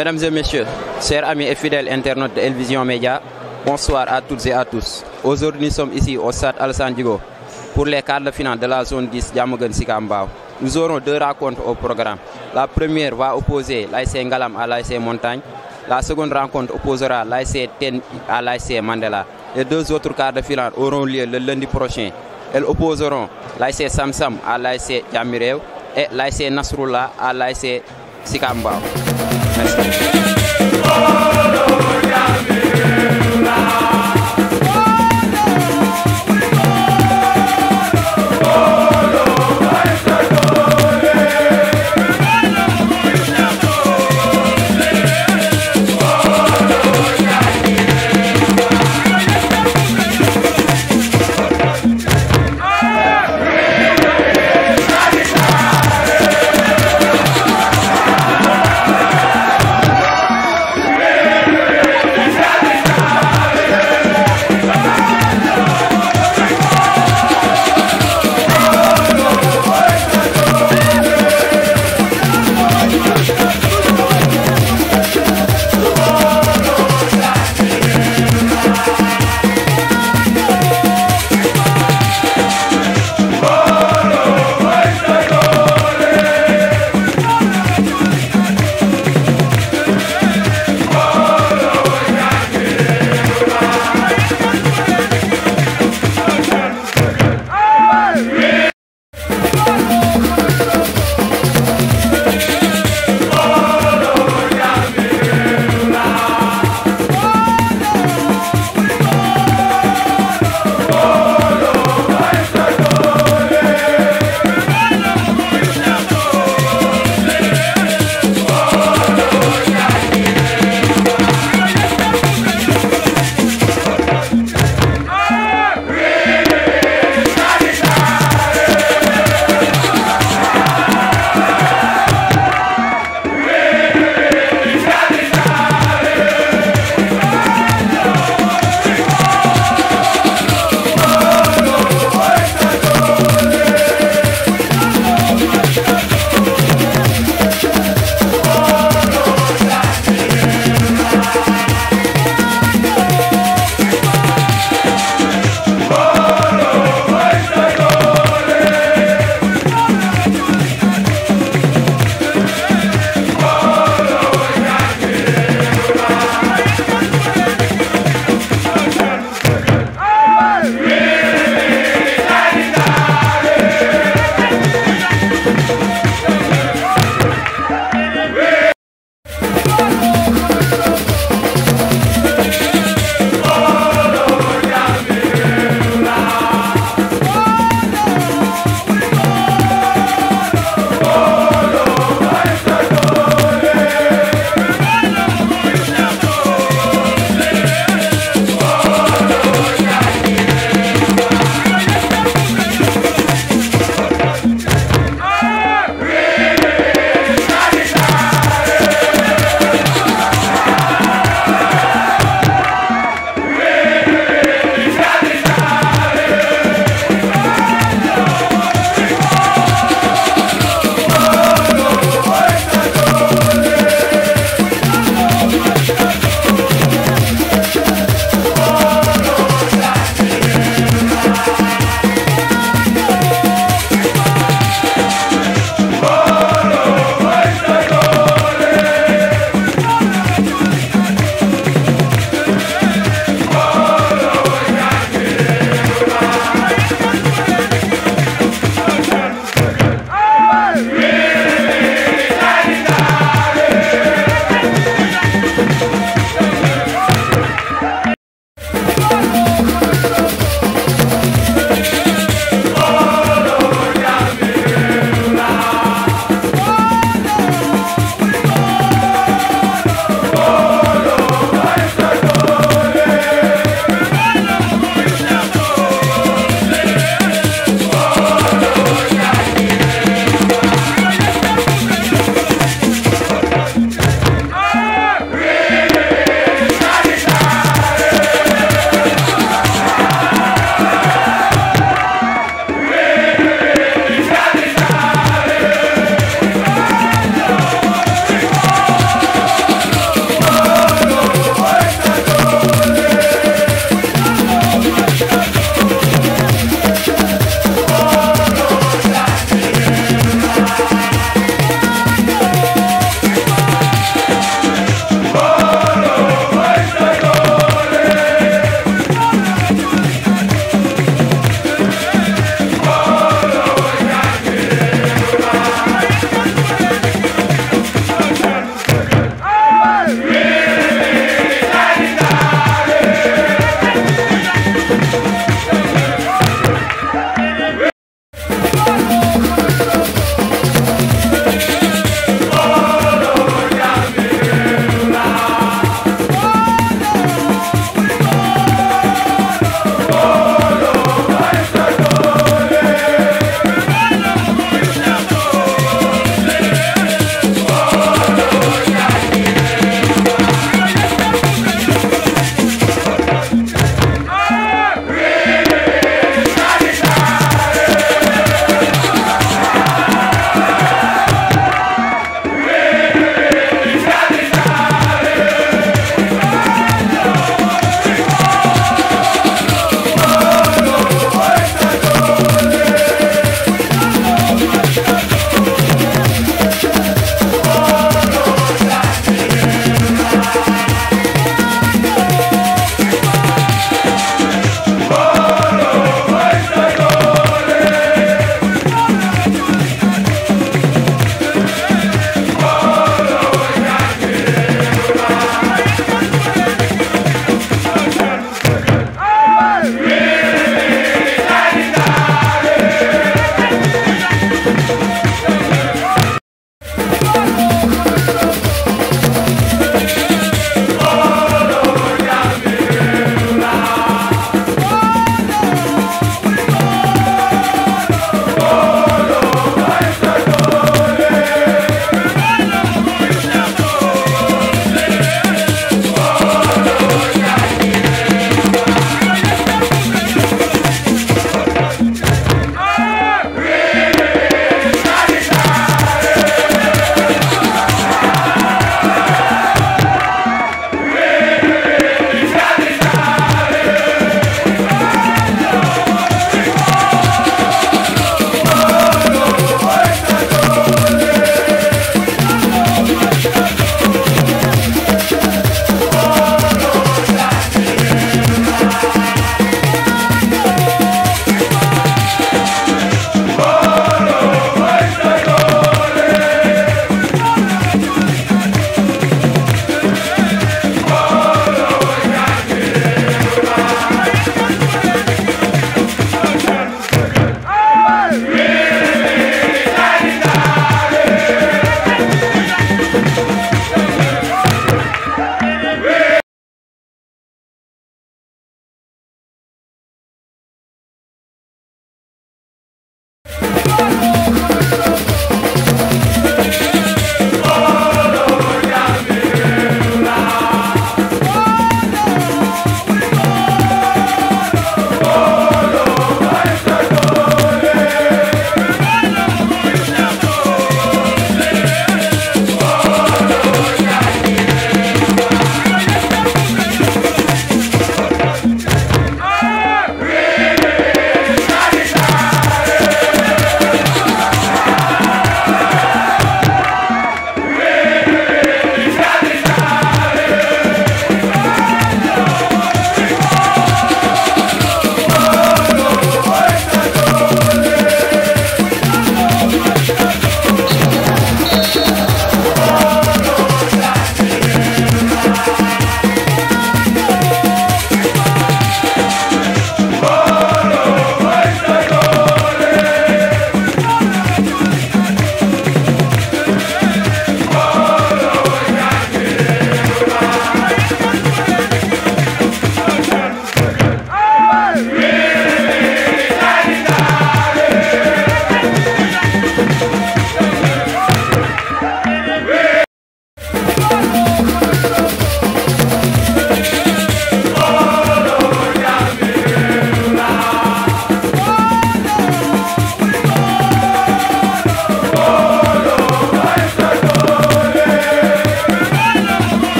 Mesdames et messieurs, chers amis et fidèles internautes de Elvision bonsoir à toutes et à tous. Aujourd'hui, nous sommes ici au stade San Sandigo pour les quarts de finale de la zone 10 Diamogun Sikambao. Nous aurons deux rencontres au programme. La première va opposer l'AIC Ngalam à l'AIC Montagne. La seconde rencontre opposera l'AIC Ten à l'AIC Mandela. Les deux autres quarts de finale auront lieu le lundi prochain. Elles opposeront l'AIC Samsam à l'AIC Jamirev et l'AIC Nasrullah à l'AIC Sikambao. testing. Oh!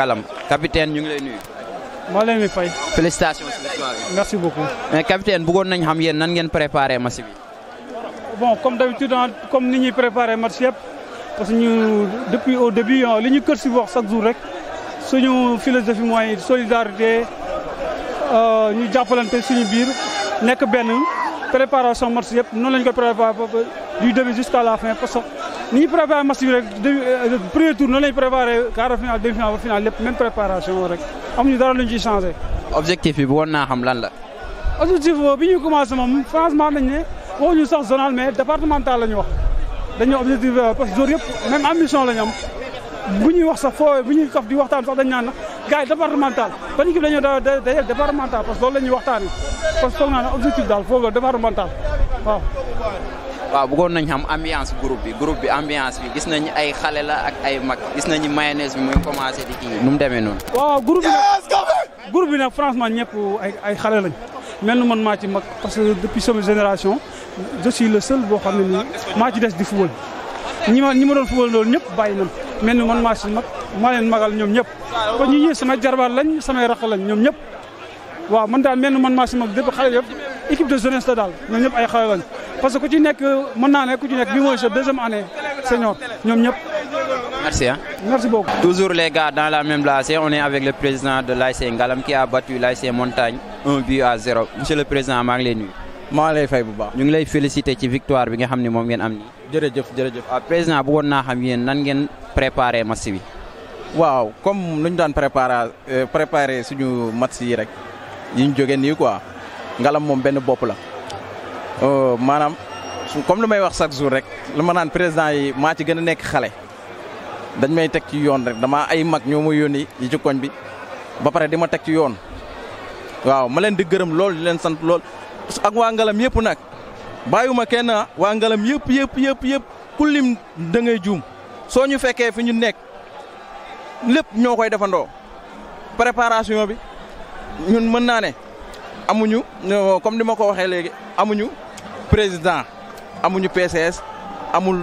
ngalam capitaine ñu ngi lay nuyu. maa leen fay. félicitations si victoire bi. merci beaucoup. mais capitaine bëggoon nañ xam yéen nan ngeen préparé match bi. bon comme d'habitude hein, comme ni ñuy préparé match yëpp parce que ñu depuis au début hein, li ñu kër si wax chaque jour rek suñu philosophie mooy solidarité euh, ñu jàppalante suñu biir nekk benn préparation match yëpp noonu la ñu ko préparé du début jusqu'à la fin parce que ni ñuy préparé match bi rek euh, premier tour noonu la quart de finale demi finale finale même préparation rek amuñu dara luñ ci changer objectif bi woon naa xam lan la. objectif bi ñu commencé moom franchement dañ ne waxuñu sax zonal mais départemental lañ wax dañu objectif euh, parce que jour yëpp même ambition lañ am bu wax sax foo bu ñuy di waxtaan sax dañ naan nag gars yi départemental ban équipe la ñu départemental parce que loolu la ñuy waxtaanee parce que foog naa objectif dal foofu départemental waaw. waaw bëggoon nañ xam ambiance groupe bi groupe bi ambiance bi gis nañ ay xale la ak ay mag gis nañu mayonnaise bi muy commencé di kii nu mu demee noonu. waaw groupe bi nag groupe bi nag ñëpp ay ay xale lañ mel ni man maa ci mag parce que depuis sama génération je suis le seul boo xam ne nii maa ci des di football ñi ma ñi ma doon football loolu ñëpp bàyyi nañ mel ni man maa ci mag maa leen magal ñoom ñëpp kon ñu ñii samay jarbaar lañ samay raq lañ ñoom ñëpp waaw mën daal mel ni man maa ci mag depuis xale yëpp équipe de jeunesse la daal ñëpp ay xale lañ. parce que ku ci nekk mën naa ne ku ci nekk bi mooy sa deuxième année senior ñoom ñëpp. Merci. Hein. Merci beaucoup. Toujours les gars dans la même place on est avec le président de l'AIC Ngalam qui a battu l'AIC Montagne 1 but à 0. Monsieur le président, maa ngi lay nuyu. maa lay fay bu baax. ñu ngi lay féliciter ci victoire bi nga xam ne moom ngeen am nii. jërëjëf jërëjëf. ah président bëggoon naa xam yéen nan ngeen préparé match bi. waaw comme lu ñu daan préparer euh, préparer suñu match yi rek yi ñu jógee nii quoi Ngalam moom benn bopp la. Oh, manam comme li wax chaque jour rek li ma président yi ma ci gëna nek xalé dañ may tek ci yoon rek dama ay mag ñoo ma yi ci koñ bi ba paré dima tek ci yoon waaw ma leen di gëreum lool di leen sant lool ak wa ngalam yépp nak bayuma kenn wa ngalam yépp yépp yépp yépp kulim da ngay joom soo ñu fekkee fi ñu nek lepp ñokoy defando préparation bi ñun mën naa amuñu euh, comme ni ma ko waxee léegi amuñu président amuñu PCS amul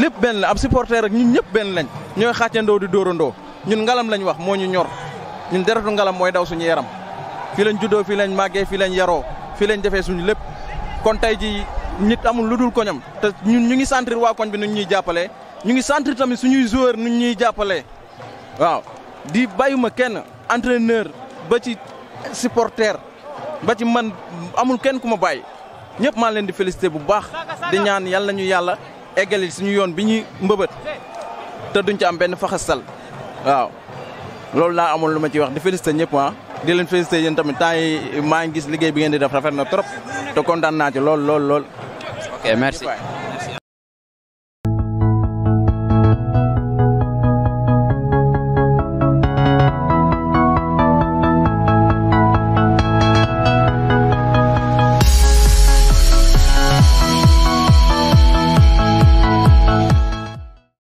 lépp benn la am supporter ak ñun ñëpp benn lañ ñooy xàccandoo di dóorandoo ñun ngalam lañ wax moo ñu ñor ñun deretu ngalam mooy daw suñu yaram fii lañ juddoo fii lañ màggee fii lañ yaroo fii lañ defee suñu lépp kon tey ji nit amul lu dul koñam te ñun ñu ngi sentir waa koñ bi nu ñuy jàppalee ñu ngi sentir tamit suñuy joueur nu ñuy jàppalee waaw di bàyyuma kenn entraîneur ba ci supporter ba ci man amul kenn ku ma bàyyi ñëpp maa leen di félicité bu baax di ñaan yàlla nañu yàlla eggali suñu yoon bi ñuy mbëbët te duñ ci am benn faxasal waaw loolu laa amoon lu ma ci wax di félicité ñëpp ah di leen félicité yéen tamit temps yi maa ngi liggéey bi ngeen di def rafet na trop te kontaan naa ci lool lool lool. ok